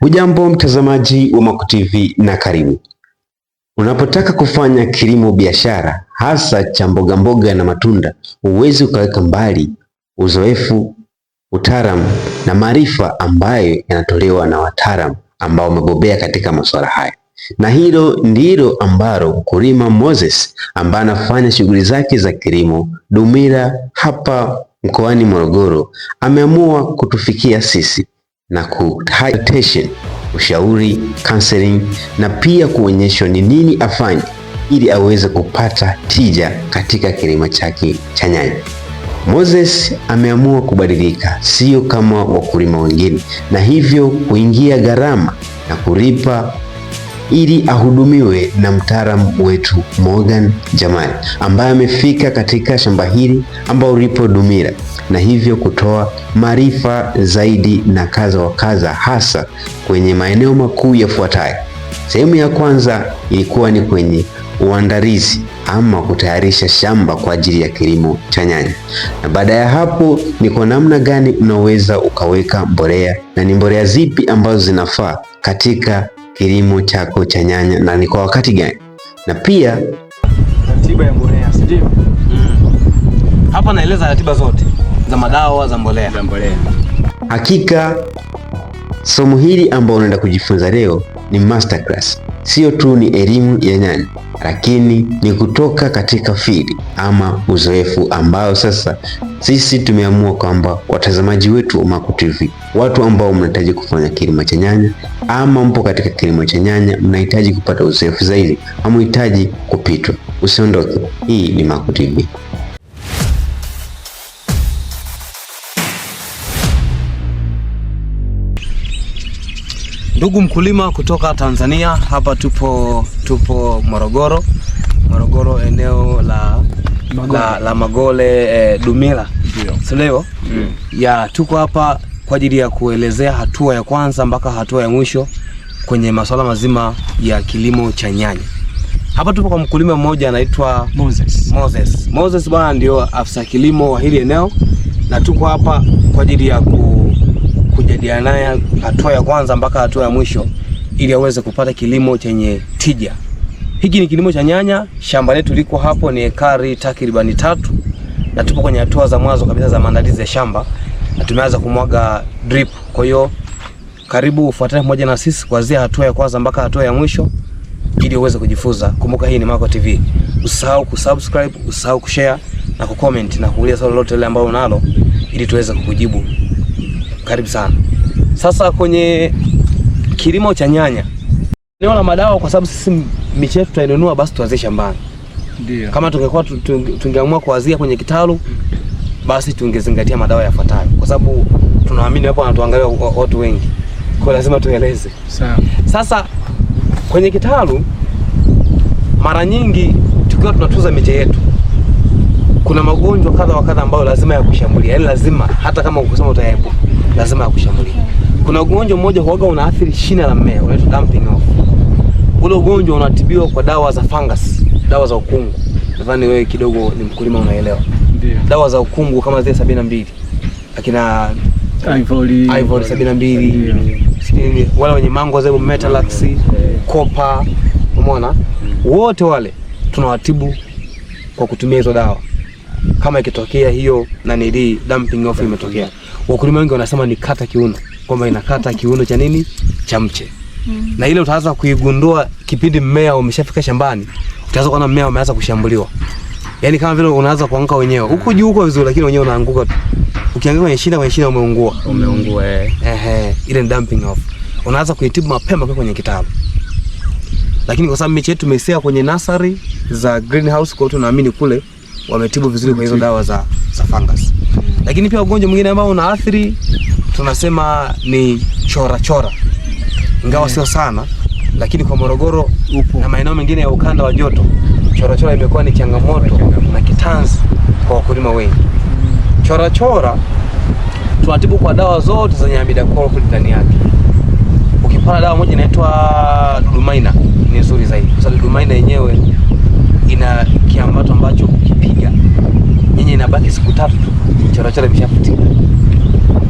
Hujambo mtazamaji wa Maco TV na karibu. Unapotaka kufanya kilimo biashara, hasa cha mboga mboga na matunda, huwezi ukaweka mbali uzoefu, utaalamu na maarifa ambayo yanatolewa na wataalamu ambao wamebobea katika masuala haya, na hilo ndilo ambalo mkulima Moses ambaye anafanya shughuli zake za kilimo Dumila hapa mkoani Morogoro ameamua kutufikia sisi na ku attention, ushauri, counseling na pia kuonyeshwa ni nini afanye ili aweze kupata tija katika kilimo chake cha nyanya. Moses ameamua kubadilika, sio kama wakulima wengine, na hivyo kuingia gharama na kulipa ili ahudumiwe na mtaalamu wetu Morgan Jamani, ambaye amefika katika shamba hili ambao lipo dumira na hivyo kutoa maarifa zaidi na kaza wa kaza hasa kwenye maeneo makuu yafuatayo. Sehemu ya kwanza ilikuwa ni kwenye uandalizi ama kutayarisha shamba kwa ajili ya kilimo cha nyanya, na baada ya hapo ni kwa namna gani unaweza ukaweka mbolea na ni mbolea zipi ambazo zinafaa katika kilimo chako cha nyanya na ni kwa wakati gani, na pia ratiba ya mbolea, si ndio? Mm. Hapa naeleza ratiba zote za madawa za mbolea, za mbolea. Hakika somo hili ambao unaenda kujifunza leo ni masterclass, sio tu ni elimu ya nyanya lakini ni kutoka katika fili ama uzoefu ambao sasa sisi tumeamua kwamba watazamaji wetu wa Maco TV, watu ambao mnahitaji kufanya kilimo cha nyanya ama mpo katika kilimo cha nyanya, mnahitaji kupata uzoefu zaidi, hamuhitaji kupitwa. Usiondoke, hii ni Maco TV. Ndugu mkulima kutoka Tanzania, hapa tupo tupo Morogoro, Morogoro eneo la Magole, la, la Magole eh, Dumila sindio? mm. ya tuko hapa kwa ajili ya kuelezea hatua ya kwanza mpaka hatua ya mwisho kwenye masuala mazima ya kilimo cha nyanya. Hapa tupo kwa mkulima mmoja anaitwa Moses. Moses, Moses bwana ndio afisa kilimo wa hili eneo na tuko hapa kwa ajili ya ku kujadiliana naye hatua ya kwanza mpaka hatua ya mwisho ili aweze kupata kilimo chenye tija. Hiki ni kilimo cha nyanya. Shamba letu liko hapo, ni ekari takribani tatu, na tupo kwenye hatua za mwanzo kabisa za maandalizi ya shamba na tumeanza kumwaga drip. Kwa hiyo karibu ufuatane pamoja na sisi kuanzia hatua ya kwanza mpaka hatua ya mwisho ili uweze kujifunza. Kumbuka hii ni Maco TV. Usisahau kusubscribe, usisahau kushare na kucomment na kuuliza swali lolote lile ambalo unalo ili tuweze kukujibu karibu sana. Sasa kwenye kilimo cha nyanya, eneo la madawa, kwa sababu sisi miche yetu tutainunua, basi tuanzie shambani. Ndio. Kama tungekuwa tungeamua kuanzia kwenye kitalu, basi tungezingatia madawa yafuatayo, kwa sababu tunaamini hapo wanatuangalia watu wengi, kwa lazima tueleze. Sawa. Sasa kwenye kitalu, mara nyingi tukiwa tunatuza miche yetu kuna magonjwa kadha wa kadha ambayo lazima yakushambulia, yaani lazima hata kama ukisema utaepuka lazima yakushambulia. Kuna ugonjwa mmoja huaga unaathiri shina la mmea unaitwa damping off. Ule ugonjwa unatibiwa kwa dawa za fungus, dawa za ukungu. Nadhani wewe kidogo ni mkulima unaelewa. Ndio. Dawa za ukungu kama zile 72. na akina Ivory, Ivory 72. na wale wenye mango zebu metalax, kopa, umeona wote wale tunawatibu kwa kutumia hizo dawa kama ikitokea hiyo na nili dumping off imetokea wakulima wengi wanasema ni kata kiuno, kwamba inakata kiuno cha nini cha mche mm. na ile utaanza kuigundua kipindi mmea umeshafika shambani, utaanza kuona mmea umeanza kushambuliwa, yani kama vile unaanza kuanguka wenyewe mm. huko juu huko vizuri, lakini wenyewe unaanguka tu. ukianguka kwenye shina, kwenye shina umeungua, umeungua eh eh, ile dumping off. Unaanza kuitibu mapema kwa kwenye kitalu, lakini kwa sababu miche yetu imesea kwenye nasari za greenhouse, kwa hiyo tunaamini kule wametibu vizuri kwa hizo dawa za, za fungus. Lakini pia ugonjwa mwingine ambao unaathiri tunasema ni chora chora, ingawa yeah, sio sana, lakini kwa Morogoro upo na maeneo mengine ya ukanda wa joto, chora chora imekuwa ni changamoto na kitanzi kwa wakulima wengi. Mm. Chora chora tunatibu kwa dawa zote zenye amidacloprid ndani yake. Ukipata dawa moja inaitwa dudumaina ni nzuri zaidi, kwa sababu dudumaina yenyewe ina kiambato ambacho ukipiga yenye inabaki siku tatu tu vichorachola vishafutika,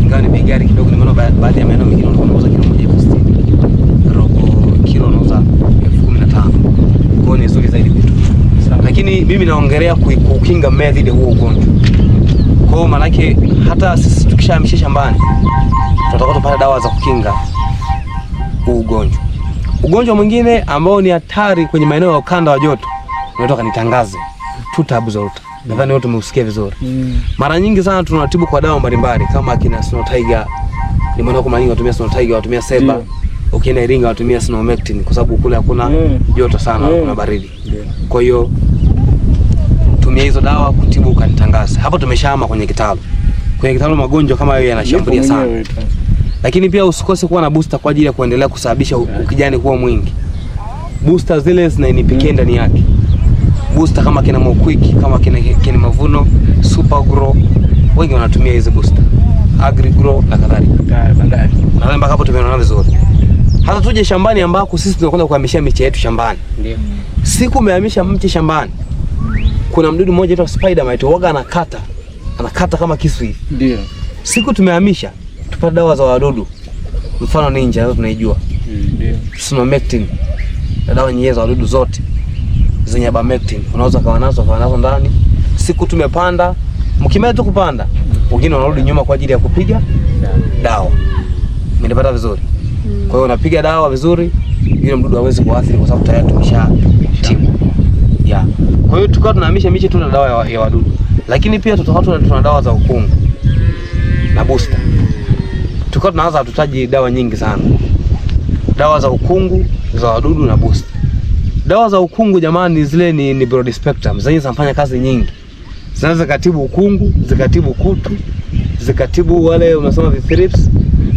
ingawa ni bei gari kidogo. Nimeona baadhi ya maeneo mengine wanauza kilo moja elfu sitini robo kilo unauza elfu kumi na tano kwao ni nzuri zaidi kwetu, lakini mimi naongelea kukinga mmea dhidi ya huo ugonjwa. Kwao maanake hata sisi tukishahamisha shambani tutakuwa tupata dawa za kukinga huu ugonjwa. Ugonjwa mwingine ambao ni hatari kwenye maeneo ya ukanda wa joto unaitwa kanitangaze tutabu za uta nadhani wote umeusikia vizuri mm. Mara nyingi sana tunatibu kwa dawa mbalimbali kama akina Snow Tiger, nimeona kwa maana watumia Snow Tiger, watumia Seba Ukienda Iringa watumia Snowmectin kwa sababu kule hakuna mm. joto sana mm. kuna baridi Kwa hiyo tumia hizo dawa kutibu ukanitangaza. Hapo tumeshahama kwenye kitalu, kwenye kitalu magonjwa kama hayo yanashambulia sana Lakini pia usikose kuwa na booster kwa ajili ya kuendelea kusababisha ukijani kuwa mwingi. Booster zile zina NPK ndani yake booster kama kina Mokwik, kama kina, kina Mavuno Super Grow, wengi wanatumia hizi booster Agri Grow na kadhalika. Nadhani mpaka hapo tumeona vizuri. Hata tuje shambani ambako sisi tunakwenda kuhamishia miche yetu shambani. Ndio. Siku umehamisha mche shambani. Kuna mdudu mmoja aitwa spider mite huaga anakata. Anakata kama kisu hivi. Ndio. Siku tumehamisha tupata dawa za wadudu. Mfano ninja tunaijua. Mm, ndio. Sunomectin. Dawa nyingine za wadudu zote zenye abamectin unaweza kawa nazo kawa nazo ndani. Siku tumepanda mkimea tu kupanda, wengine wanarudi nyuma kwa ajili ya kupiga dawa. Mmenipata vizuri? Kwa hiyo unapiga dawa vizuri, yule mdudu hawezi kuathiri kwa sababu tayari tumesha timu Yeah. Kwa hiyo tukawa tunahamisha miche tu na dawa ya wadudu, lakini pia tuna dawa za ukungu na booster. Tukawa tunaanza, hatutaji dawa nyingi sana, dawa za ukungu za wadudu na booster. Dawa za ukungu jamani, zile ni, ni broad spectrum, zenye zinafanya kazi nyingi, zinaweza zikatibu ukungu, zikatibu kutu, zikatibu wale unasema vithrips,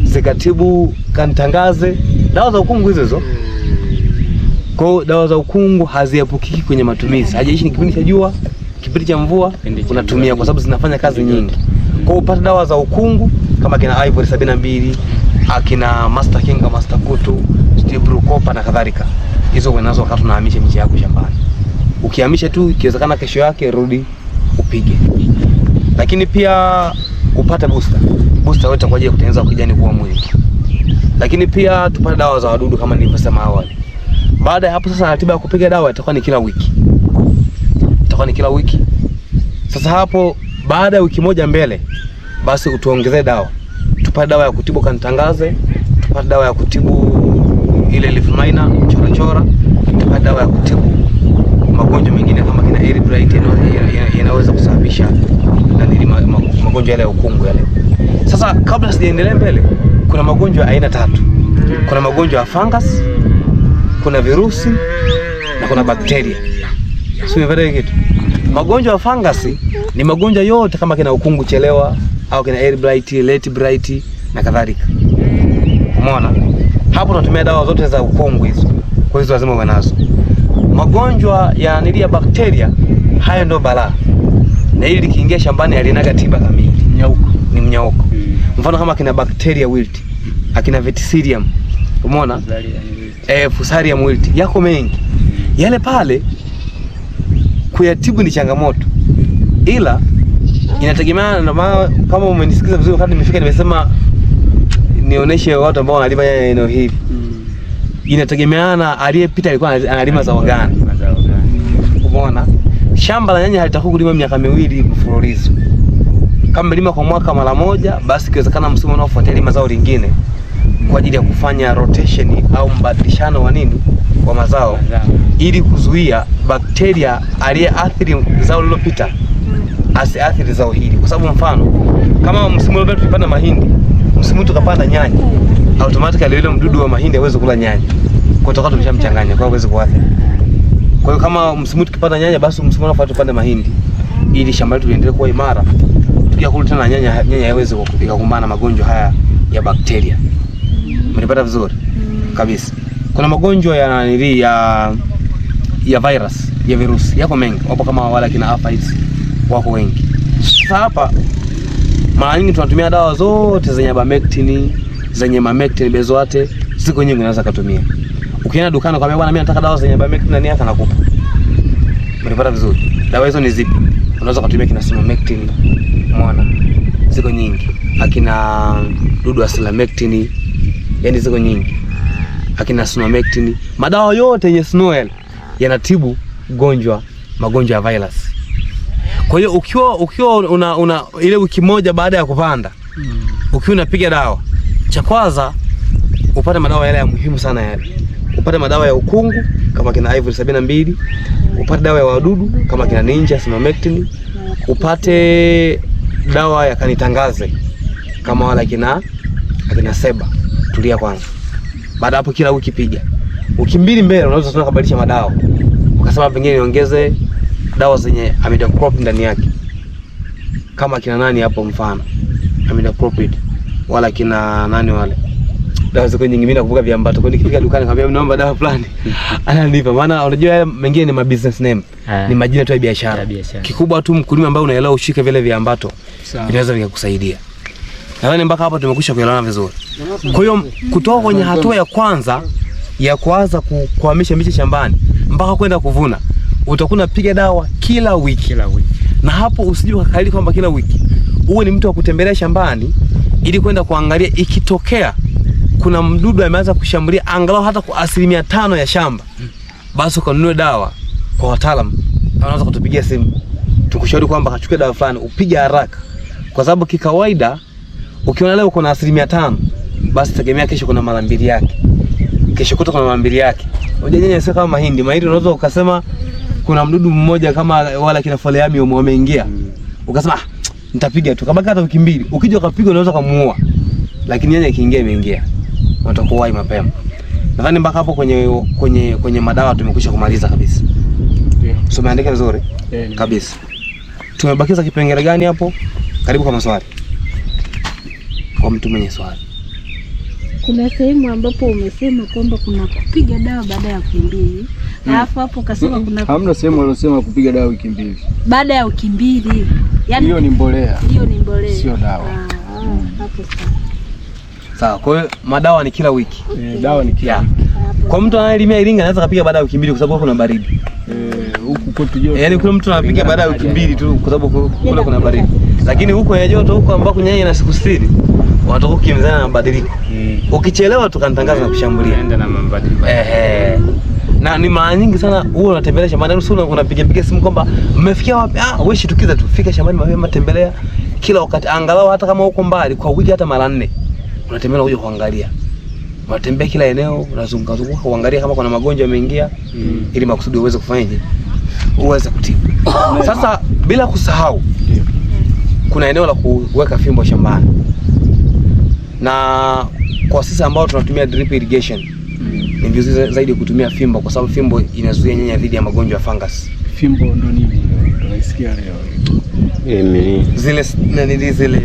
zikatibu kantangaze. Dawa za ukungu hizo hizo. Kwa dawa za ukungu haziepukiki kwenye matumizi, hajaishi ni kipindi cha jua, kipindi cha mvua unatumia, kwa sababu zinafanya kazi nyingi. Kwa upata dawa za ukungu kama kina Ivory 72 akina Master King, Master Kutu, Steve Rukopa na kadhalika hizo unazo wakati unahamisha miche yako shambani. Ukihamisha tu, ikiwezekana kesho yake rudi upige. Lakini pia upate booster. Booster yote kwa ajili ya kutengeneza kijani kuwa mwingi. Lakini pia tupate dawa za wadudu kama nilivyosema awali. Baada ya hapo sasa, ratiba ya kupiga dawa itakuwa ni kila wiki. Itakuwa ni kila wiki. Sasa hapo baada ya wiki moja mbele, basi utuongezee dawa. Tupate dawa ya kutibu kanitangaze, tupate dawa ya kutibu ile leaf miner kuchora, na dawa ya kutibu magonjwa mengine kama kina erythritis yanaweza kusababisha magonjwa yale ya ukungu yale. Sasa kabla sijaendelea mbele, kuna magonjwa aina tatu. Kuna magonjwa ya fungus, kuna virusi na kuna bakteria. Sio kitu. Magonjwa ya fungus ni magonjwa yote kama kina ukungu chelewa au kina erythritis, late blight na kadhalika. Umeona? Hapo tunatumia dawa zote za ukungu hizo hizo lazima uwe nazo. Magonjwa ya nilia bakteria haya ndio balaa, na hili likiingia shambani alinaga tiba kamili, mnyauko ni mnyauko. Mfano kama kina bakteria wilt, akina verticillium, umeona eh, fusarium wilt, yako mengi yale pale, kuyatibu ni changamoto, ila inategemeana na kama umenisikiza vizuri, wakati nimefika nimesema nioneshe watu ambao wanalima eneo hili inategemeana aliyepita alikuwa analima zao gani. Umeona, shamba la nyanya halitakuwa kulima miaka miwili mfululizo. Kama mlima kwa mwaka mara moja, basi kiwezekana msimu unaofuatia lima zao lingine kwa ajili ya kufanya rotation au mbadilishano wa nini kwa mazao ili kuzuia bakteria aliyeathiri zao lililopita asiathiri zao hili, kwa sababu mfano kama msimu uliopita tulipanda mahindi, msimu tukapanda nyanya automatically yule mdudu wa mahindi hawezi kula nyanya, kwa toka tumeshamchanganya, kwa hawezi kuathiri. Kwa hiyo kama msimu tukipanda nyanya, basi msimu unaofuata tupande mahindi, ili shamba letu liendelee kuwa imara. kula tena nyanya, nyanya haiwezi kukumbana na magonjwa haya ya bakteria. Mnipata vizuri kabisa. Kuna magonjwa ya nili, ya ya virus ya virusi yako mengi, wapo kama wala kina aphids wako wengi. Sasa hapa mara nyingi tunatumia dawa zote zenye bamectin zenye Mamectin benzoate siku nyingi unaweza kutumia. Ukienda dukani kwa bwana, mimi nataka dawa zenye Mamectin nani niaka nakupa. Unapata vizuri. Dawa hizo ni zipi? Unaweza kutumia kina Simamectin, umeona? Ziko nyingi. Akina mm, dudu asilamectin, yani ziko nyingi. Akina sinomectin, madawa yote yenye Sinoel yanatibu gonjwa magonjwa ya virus. Kwa hiyo ukiwa ukiwa una, una ile wiki moja baada ya kupanda, mm. ukiwa unapiga dawa cha kwanza upate madawa yale ya muhimu sana yale. Upate madawa ya ukungu kama kina Ivory sabini na mbili, upate dawa ya wadudu kama kina Ninja Simamectin, upate dawa ya kanitangaze kama wala kina kina Seba. Tulia kwanza. Baada hapo kila wiki piga. Wiki mbili mbele unaweza tena kubadilisha madawa. Ukasema pengine niongeze dawa zenye Imidacloprid ndani yake. Kama kina nani hapo mfano? Imidacloprid wala kina nani wale dawa ziko nyingi. Mimi nakumbuka viambato, kwani nikifika dukani nikamwambia naomba dawa fulani hmm. ananipa. Maana unajua mengine ni ma business name, ah. ni majina tu ya biashara. Kikubwa tu mkulima ambaye unaelewa, ushike vile viambato vinaweza vikakusaidia. Nadhani mpaka hapo tumekwisha kuelewana vizuri. Kwa hiyo kutoka kwenye hatua ya kwanza ya kuanza kuhamisha miche shambani mpaka kwenda kuvuna, utakuwa unapiga dawa kila wiki, kila wiki. Na hapo usije ukakalili kwamba kila wiki uwe ni mtu wa kutembelea shambani ili kwenda kuangalia ikitokea kuna mdudu ameanza kushambulia angalau hata kwa asilimia tano ya shamba, basi ukanunue dawa kwa wataalamu. Wanaweza kutupigia simu tukushauri kwamba kachukue dawa fulani, upige haraka, kwa sababu kikawaida ukiona leo kuna asilimia tano, basi tegemea kesho kuna mara mbili yake, kesho kuta kuna mara mbili yake. Unajua sio kama mahindi, mahindi unaweza ukasema kuna mdudu mmoja kama wala kina foliami umeingia, ukasema ah, nitapiga tu kama hata wiki mbili, ukija ukapiga unaweza kumuua, lakini nyanya ikiingia imeingia, watakuwa hai mapema. Nadhani mpaka hapo kwenye kwenye kwenye madawa tumekwisha kumaliza kabisa, yeah. So umeandika vizuri yeah, kabisa. Tumebakiza kipengele gani hapo? Karibu kwa maswali, kwa mtu mwenye swali. Kuna sehemu ambapo umesema kwamba kuna kupiga dawa baada ya wiki mbili, mm. alafu hapo ukasema kuna hamna sehemu aliyosema kupiga dawa wiki mbili baada ya wiki mbili Yani hiyo ni mbolea. Hiyo ni mbolea. Sio dawa. Ah, ah mm. Hapo sawa. Sawa, kwa hiyo madawa ni kila wiki. Okay. Eh, dawa ni kila. Yeah. wiki. Kwa mtu anayelimia Iringa anaweza kupiga baada ya wiki mbili kwa sababu kuna baridi. Eh, huku kwetu joto. Yaani kuna mtu anapiga baada ya wiki mbili tu kwa sababu kule kuna baridi. Lakini huko ya joto huko ambako nyanya ina siku 60 wanatoka kukimbizana na mabadiliko. Hmm. Ukichelewa tukantangaza na kushambulia. Enda na mabadiliko. Eh eh na ni mara nyingi sana huwa unatembelea shambani, yaani sio unapiga piga simu kwamba mmefikia wapi? Ah, wewe shitukiza tu, fika shambani mapema, tembelea kila wakati, angalau hata kama uko mbali, kwa wiki hata mara nne unatembelea unakuja kuangalia, unatembea kila eneo, unazunguka zunguka, kuangalia kama kuna magonjwa yameingia, mm. ili makusudi uweze kufanyaje, uweze kutibu. Sasa bila kusahau, kuna eneo la kuweka fimbo shambani, na kwa sisi ambao tunatumia drip irrigation ningezungumzia zaidi kutumia fimbo kwa sababu fimbo inazuia nyanya dhidi ya magonjwa ya fungus. Fimbo ndo nini? Ndo naisikia leo. Zile nani zile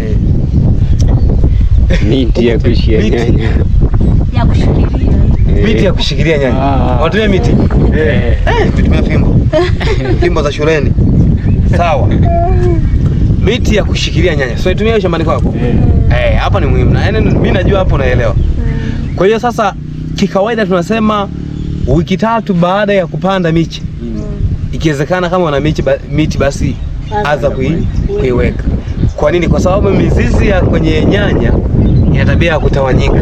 miti ya kushikilia nyanya. Ya kushikilia. Miti ya kushikilia nyanya. Ah, ah. Watumia miti. Eh, tutumia eh, fimbo. Fimbo za shuleni. Sawa. Miti ya kushikilia nyanya. So itumia hiyo shambani kwako. Eh, eh hapa ni muhimu. Yaani mimi najua hapo naelewa. Mm. Kwa hiyo sasa kikawaida tunasema wiki tatu baada ya kupanda miche mm. Ikiwezekana kama una miche ba, miti basi aza kuiweka. Kwa nini? Kwa sababu mizizi ya kwenye nyanya ina tabia ya kutawanyika.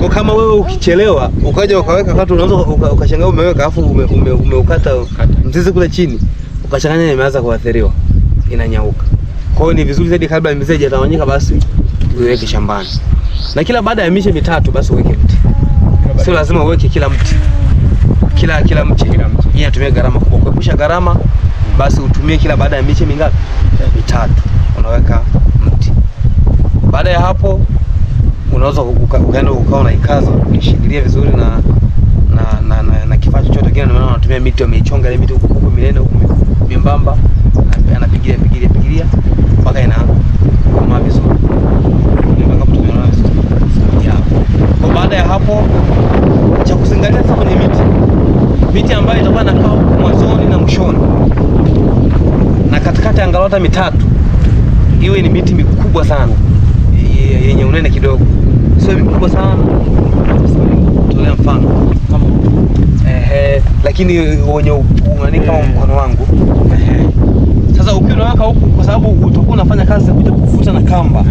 Kwa kama wewe ukichelewa ukaja ukaweka katu, unaanza ukashangaa umeweka afu umeukata ume, ume mzizi kule chini ukachanganya, imeanza kuathiriwa, inanyauka. Kwa hiyo ni vizuri zaidi kabla mizizi haijatawanyika, basi uiweke shambani, na kila baada ya miche mitatu basi uweke mti sio lazima uweke kila mti kila kila mti, kila mti. hii inatumia gharama kubwa. Kuepusha gharama, basi utumie kila baada ya miche mingapi? Mitatu unaweka mti. Baada ya hapo, unaweza ukaenda ukawa unaikaza ukishikilia vizuri na na na, na, na kifaa chochote kile. Ndio maana wanatumia miti wameichonga ile miti huko minene huko mimbamba, anapigilia pigilia pigilia mpaka ina kama vizuri, mpaka mtu anaona vizuri. Baada ya hapo miti ambayo itakuwa inakaa huku mwanzoni na mwishoni na katikati, angalau hata mitatu iwe ni miti mikubwa sana yenye unene kidogo, sio mikubwa sana tolea mfano kama ehe, lakini wenye unani kama mkono wangu ehe. Sasa ukiwa unaweka huku, kwa sababu utakuwa unafanya kazi ya kuja kufuta na kamba,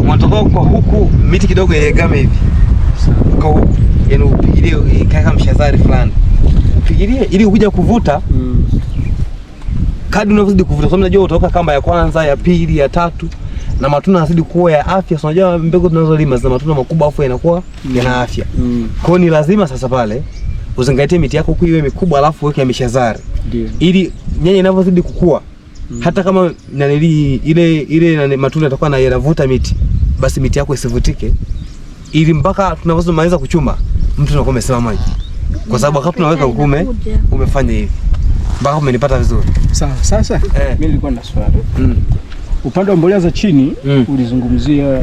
unatoka kwa huku miti kidogo iegame hivi, kwa huku, yani upigilie ikaeka mshazari fulani ufikirie ili ukija kuvuta mm. Kadri unavyozidi kuvuta, sababu unajua utaweka kamba ya kwanza, ya pili, ya tatu na matunda yanazidi kuwa ya afya. So unajua mbegu tunazolima zina matunda makubwa afu yanakuwa mm. yana afya mm. Kwa ni lazima sasa pale uzingatie miti yako kuiwe mikubwa, alafu weke mishazari ili nyanya inavyozidi kukua mm. hata kama nanili ile ile nani, matunda yatakuwa na yanavuta miti, basi miti yako isivutike, ili mpaka tunavyozomaliza kuchuma mtu anakuwa amesimama maji kwa sababu wakati unaweka ukume umefanya hivi mpaka umenipata vizuri. Sawa. Sasa eh, mimi nilikuwa na swali mm. upande wa mbolea za chini mm. ulizungumzia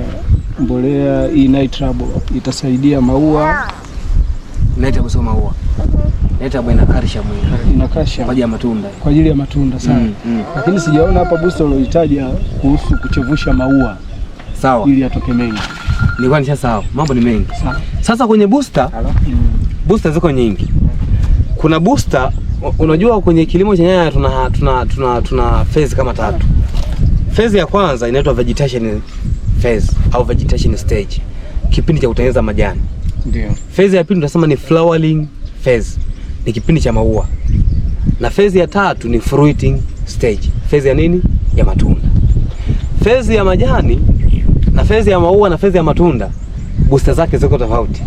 mbolea hii night rubble itasaidia maua. Night rubble sio maua, mm-hmm. night rubble inakarisha mwili, inakarisha kwa ajili ya matunda, kwa ajili ya matunda sana mm. mm. lakini sijaona hapa booster uliohitaja kuhusu kuchevusha maua sawa, ili atoke mengi. Nilikuwa nishasahau, mambo ni mengi. Sawa. Sasa kwenye booster mm booster ziko nyingi. Kuna booster, unajua kwenye kilimo cha nyanya tuna tuna tuna tuna phase kama tatu. Phase ya kwanza inaitwa vegetation phase au vegetation stage, kipindi cha kutengeneza majani. Ndio. Phase ya pili tunasema ni flowering phase, ni kipindi cha maua. Na phase ya tatu ni fruiting stage. Phase ya nini? Ya matunda. Phase ya majani na phase ya maua na phase ya matunda booster zake ziko tofauti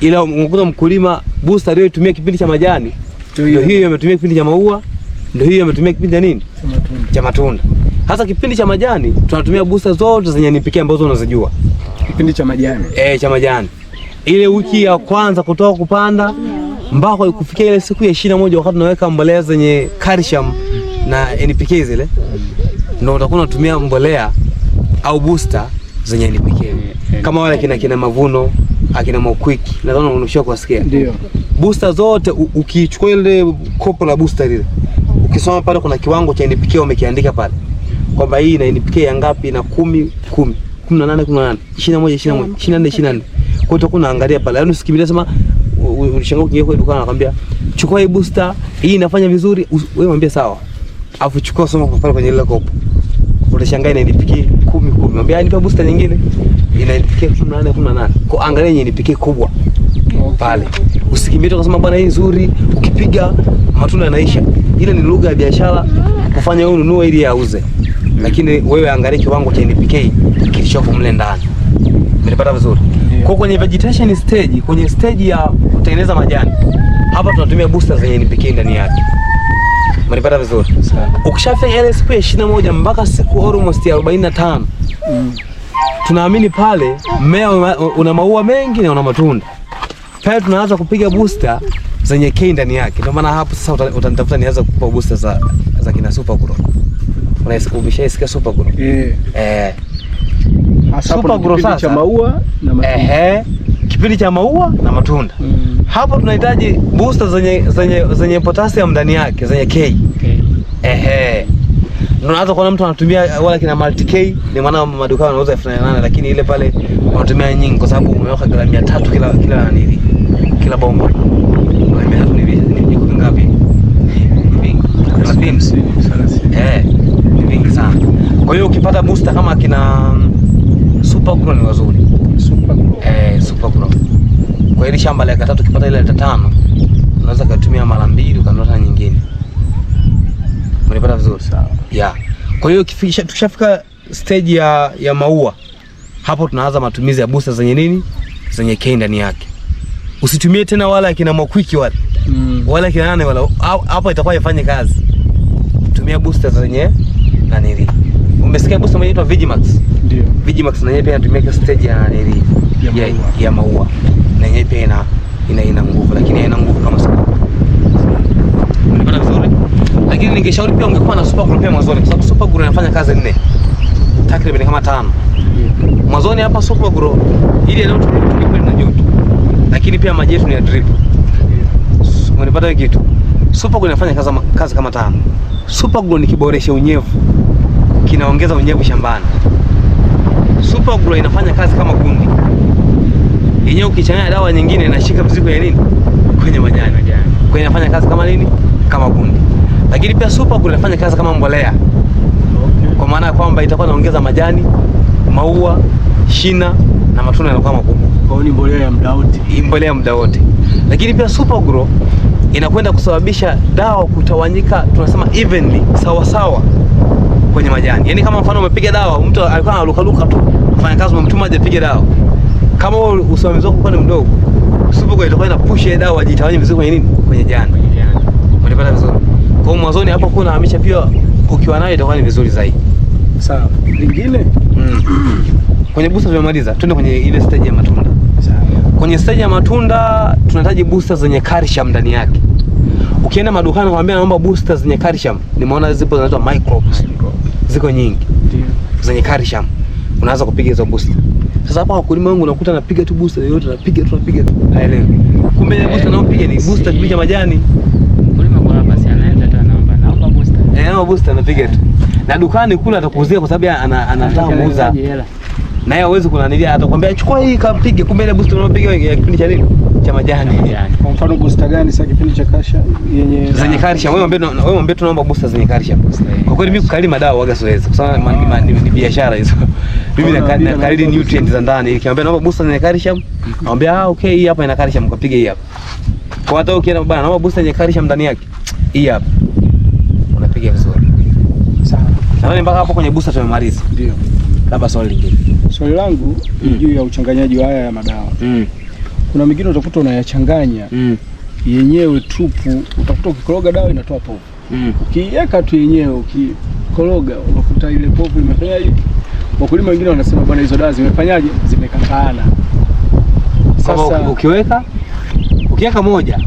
ila unakuta mkulima booster aliyoitumia kipindi cha majani ndio hiyo ametumia kipindi cha maua, ndio hiyo ametumia kipindi cha nini cha matunda. Hasa kipindi cha majani tunatumia booster zote zenye NPK ambazo unazijua kipindi cha majani eh, cha majani, ile wiki ya kwanza kutoka kupanda mpaka kufikia ile siku ya ishirini na moja wakati tunaweka mbolea zenye calcium na NPK zile, ndio utakuwa unatumia mbolea au booster zenye NPK eh, eh. kama wale kina kina mavuno akina Maukwiki, nadhani unashia kuwasikia. Ndio. Booster zote ukichukua ile kopo la booster lile. Ukisoma pale kuna kiwango cha NPK wamekiandika pale. Kwamba hii ina NPK ya ngapi na 10 10 18 18 21 21 24 24. Kwa hiyo kuna angalia pale. Yaani usikimbilie sema ulishangaa ukiingia kwa dukani anakuambia chukua hii booster, hii inafanya vizuri, wewe mwambie sawa. afu chukua soma pale kwenye ile kopo. Utashangaa ina NPK 10 10. Mwambie ah, nipe booster nyingine inafikia elfu nane kumi na nane kwa angalia yenye nipikie kubwa pale, usikimbie tu kusema bwana hii nzuri, ukipiga matunda yanaisha. Ile ni lugha ya biashara, kufanya wewe ununue ili auze, lakini wewe angalia kiwango cha NPK kilichoko mle ndani. Umenipata vizuri? Kwa kwenye vegetation stage, kwenye stage ya kutengeneza majani, hapa tunatumia booster zenye NPK ndani yake. Umenipata vizuri? Ukishafika ile siku ya 21 mpaka siku almost 45 mm tunaamini pale mmea una maua mengi na una matunda pale, tunaanza kupiga booster zenye K ndani yake. Ndio maana hapo sasa utanitafuta nianza kukupa booster za za kina Super Grow. Unaisikia Super Grow? Eh. Eh. Super Grow sasa cha maua na matunda. Ehe. Kipindi cha maua na matunda. Mm. Hapo tunahitaji booster zenye zenye zenye potassium ndani yake, zenye K. Okay. Ehe. Unaweza kuona mtu anatumia wala kina multi K ni maana maduka yanauza 1800 lakini ile pale wanatumia nyingi kwa sababu umeweka gramu 300 kila kila nini kila bomba. Gramu 300 ni vingi ngapi? Vingi. Eh, vingi sana. Kwa hiyo ukipata booster kama kina mm, Super Gro ni wazuri. Super Gro. Eh, Super Gro. Kwa hiyo shamba la eka tatu ukipata ile lita tano unaweza kutumia mara mbili ukanota nyingine. Unapata vizuri? Sawa. Yeah. Kwa hiyo tukishafika stage ya, ya maua hapo tunaanza matumizi ya booster zenye nini zenye K ndani yake. Usitumie tena wala kina Mwakwiki wale mm. wala kina nane wala hapo itakuwa ifanye kazi. Tumia booster zenye nanili. Umesikia booster inaitwa Vigimax? Ndio. Vigimax na yeye pia inatumika stage ya nanili ya, ya, ya maua na yeye pia ina ina, ina nguvu lakini haina nguvu kama sana lakini ningeshauri pia ungekuwa na super group pia mwanzoni, kwa sababu super group inafanya kazi nne takriban kama tano mwanzoni hapa super group, ili leo tulikuwa na joto, lakini pia maji yetu ni ya drip. Unanipata kitu? Super group inafanya kazi, kazi kama tano. Super group ni kiboresha unyevu, kinaongeza unyevu shambani. Super group inafanya kazi kama kundi yenyewe, ukichanganya dawa nyingine inashika mzigo ya nini kwenye majani, kwenye inafanya kazi kama nini, kama kundi lakini pia super glue inafanya kazi kama mbolea okay. Kwa maana ya kwamba itakuwa inaongeza majani, maua, shina na matunda yanakuwa makubwa. Kwa hiyo ni mbolea ya muda wote, mbolea ya muda wote. Lakini pia super glue inakwenda kusababisha dawa kutawanyika, tunasema evenly, sawa sawa kwenye majani. Yaani kama mfano umepiga dawa, mtu alikuwa analuka luka tu, kazi umemtuma aje apige dawa. Kama wewe usimamizi wako ni mdogo, super glue itakuwa inapusha dawa jitawanye vizuri kwenye nini? Kwenye jani. Kwenye jani. Unanipata vizuri? Kwa hiyo mwanzoni hapo kuna hamisha pia ukiwa naye itakuwa ni vizuri zaidi. Sawa. Lingine? Mm. Kwenye booster tumemaliza. Twende kwenye ile stage ya matunda. Sawa. Kwenye stage ya matunda tunahitaji booster zenye calcium ndani yake. Ukienda madukani ukamwambia naomba booster zenye calcium, nimeona zipo zinaitwa microbes. Ziko nyingi. Zenye calcium. Unaanza kupiga hizo booster. Sasa hapa wakulima wangu nakuta napiga tu booster yoyote, napiga tu napiga tu. Haelewi. Kumbe busta naopiga ni booster kibicha majani. Eh, boss anapiga tu. Na dukani kula atakuuzia kwa sababu anataka kuuza. Na yeye hawezi kunanilia, atakwambia chukua hii kapige, kumbe ile boss unayopiga wewe kipindi cha nini? Cha majani. Kwa mfano boss gani sasa kipindi cha kasha yenye zenye karisha. Wewe mwambie wewe mwambie tunaomba boss zenye karisha. Eh. Kwa kweli mimi kukali madawa waga siwezi. Kwa sababu ni biashara hizo. Mimi na kalili nutrients za ndani. Nikamwambia naomba boss zenye karisha. Anambia ah, okay hii hapa ina karisha mkapiga hii hapa. Kwa hata ukienda bana naomba boss zenye karisha ndani yake. Hii hapa tupige vizuri. Sawa. Nadhani mpaka hapo kwenye busa tumemaliza. Ndio. Labda swali lingine. Swali langu ni mm. juu ya uchanganyaji wa haya ya madawa mm. kuna mingine utakuta unayachanganya mm. yenyewe tupu, utakuta ukikoroga dawa inatoa povu mm. Ukiweka tu yenyewe ukikoroga unakuta ile povu imefanya hivi. Wakulima wengine wanasema bwana, hizo dawa zimefanyaje, Zimekataana. Sasa ukiweka ukiweka moja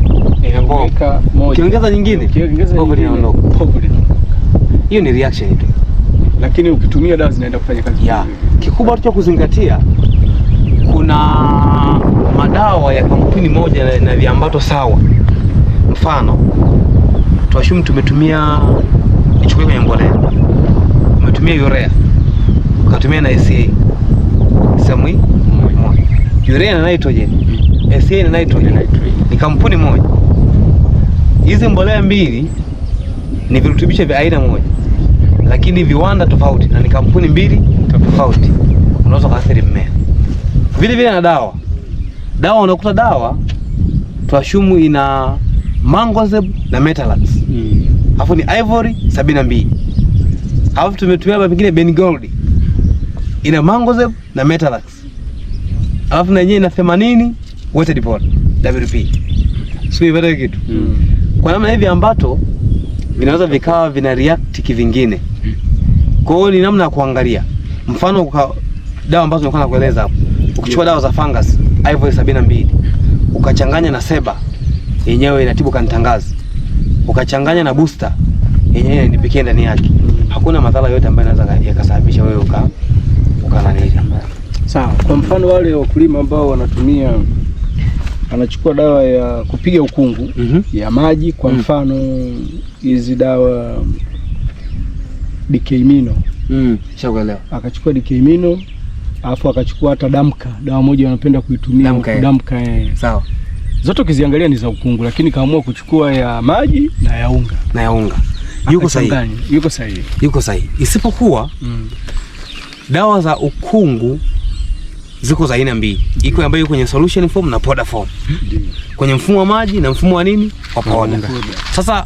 eh, inapoa, ukiongeza nyingine ukiongeza povu inaondoka. Povu hiyo ni reaction tu, lakini ukitumia dawa zinaenda kufanya kazi yeah. Kikubwa tu cha kuzingatia, kuna madawa ya kampuni moja na, na viambato sawa. Mfano tuashumu tumetumia ichukue kwenye mbolea, umetumia urea ukatumia na SA sehemu moja, urea na nitrogen, mm. SA na nitrogen ni kampuni moja, hizi mbolea mbili ni virutubisho vya aina moja, lakini viwanda tofauti na ni kampuni mbili tofauti, unaweza kuathiri mmea. Vile vile na dawa, dawa unakuta dawa twashumu ina mangozeb na metalax mm. Alafu ni ivory sabini na mbili. Alafu tumetumia vingine Bengold ina mangozeb na metalax. Alafu na yenyewe ina 80 weighted powder WP. Sio hivyo kitu. Mm. Kwa namna hivi ambato vinaweza vikawa vina react kivingine. Kwa hiyo ni namna ya kuangalia, mfano kwa dawa ambazo nilikuwa nakueleza hapo, ukichukua dawa za fungus Ivory 72 ukachanganya na seba yenyewe inatibu kantangazi, ukachanganya na booster yenyewe nipikie ndani yake, hakuna madhara yote ambayo inaweza yakasababisha wewe uka ukanani. Sawa, kwa mfano wale wakulima ambao wanatumia anachukua dawa ya kupiga ukungu mm -hmm. ya maji kwa mhm. mfano mm -hmm hizi dawa dikemino mm, shakuelewa. Akachukua dikemino alafu akachukua hata damka, dawa moja wanapenda kuitumia eh. damka, eh. Sawa, zote ukiziangalia ni za ukungu, lakini kaamua kuchukua ya maji na ya unga na ya unga. Yuko sahihi, yuko sahihi, yuko sahihi, isipokuwa mm. dawa za ukungu ziko za aina mbili, iko ambayo kwenye solution form na powder form, kwenye mfumo wa maji na mfumo wa nini wa powder. Sasa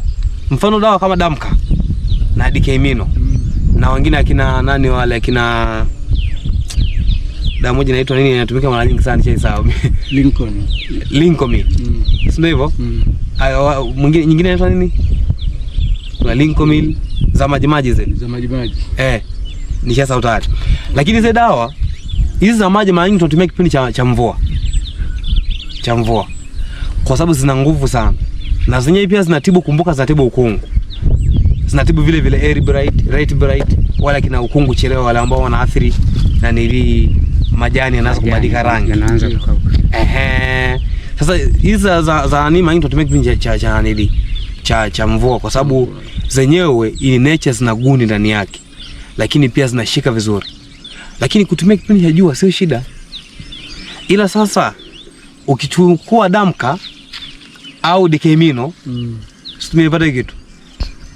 mfano dawa kama Damka na DK Mino mm. na wengine akina nani wale akina dawa moja inaitwa nini inatumika mara nyingi sana chai sawa Lincoln Lincoln mm. sio hivyo mm. mwingine nyingine inaitwa nini kuna Lincoln mm. za maji maji zile za maji maji eh sawa mm. lakini zile dawa hizi za maji mara nyingi tunatumia kipindi cha, cha mvua cha mvua kwa sababu zina nguvu sana na zenyewe pia zinatibu. Kumbuka zinatibu ukungu, zinatibu vile vile air bright, right bright, wala kina ukungu chelewa, wale ambao wanaathiri na nili majani yanaanza kubadilika rangi, yanaanza kukauka. Ehe, sasa hizi za za, za mimi hizo tutumia kipindi cha cha nili cha cha mvua, kwa sababu zenyewe in nature zina guni ndani yake, lakini pia zinashika vizuri, lakini kutumia kipindi cha jua sio shida, ila sasa ukichukua damka au dikemino mm. situmepata kitu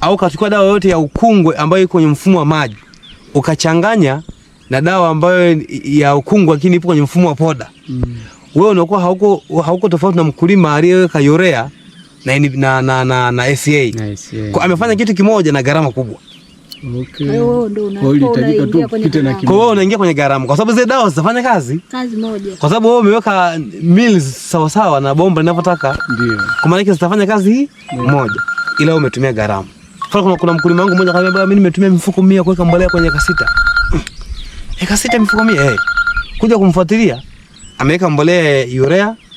au kachukua dawa yote ya ukungwe ambayo iko kwenye mfumo wa maji ukachanganya na dawa ambayo ya ukungwe lakini ipo kwenye mfumo wa poda mm. Wewe unakuwa hauko, hauko tofauti na mkulima aliyeweka yorea na, na, na, na, na, na, SCA. Na SCA. Kwa amefanya kitu kimoja na gharama kubwa kwa hiyo unaingia kwenye gharama kwa sababu zile dawa zitafanya kazi kazi moja, kwa sababu wewe umeweka mills sawa sawa na bomba linavyotaka, ndio kwa maana zitafanya kazi moja, ila wewe umetumia gharama. Kuna, kuna mkulima wangu mmoja akaniambia mimi nimetumia mifuko mia kuweka mbolea kwenye kasita kasita mifuko mia eh, kuja kumfuatilia ameweka mbolea urea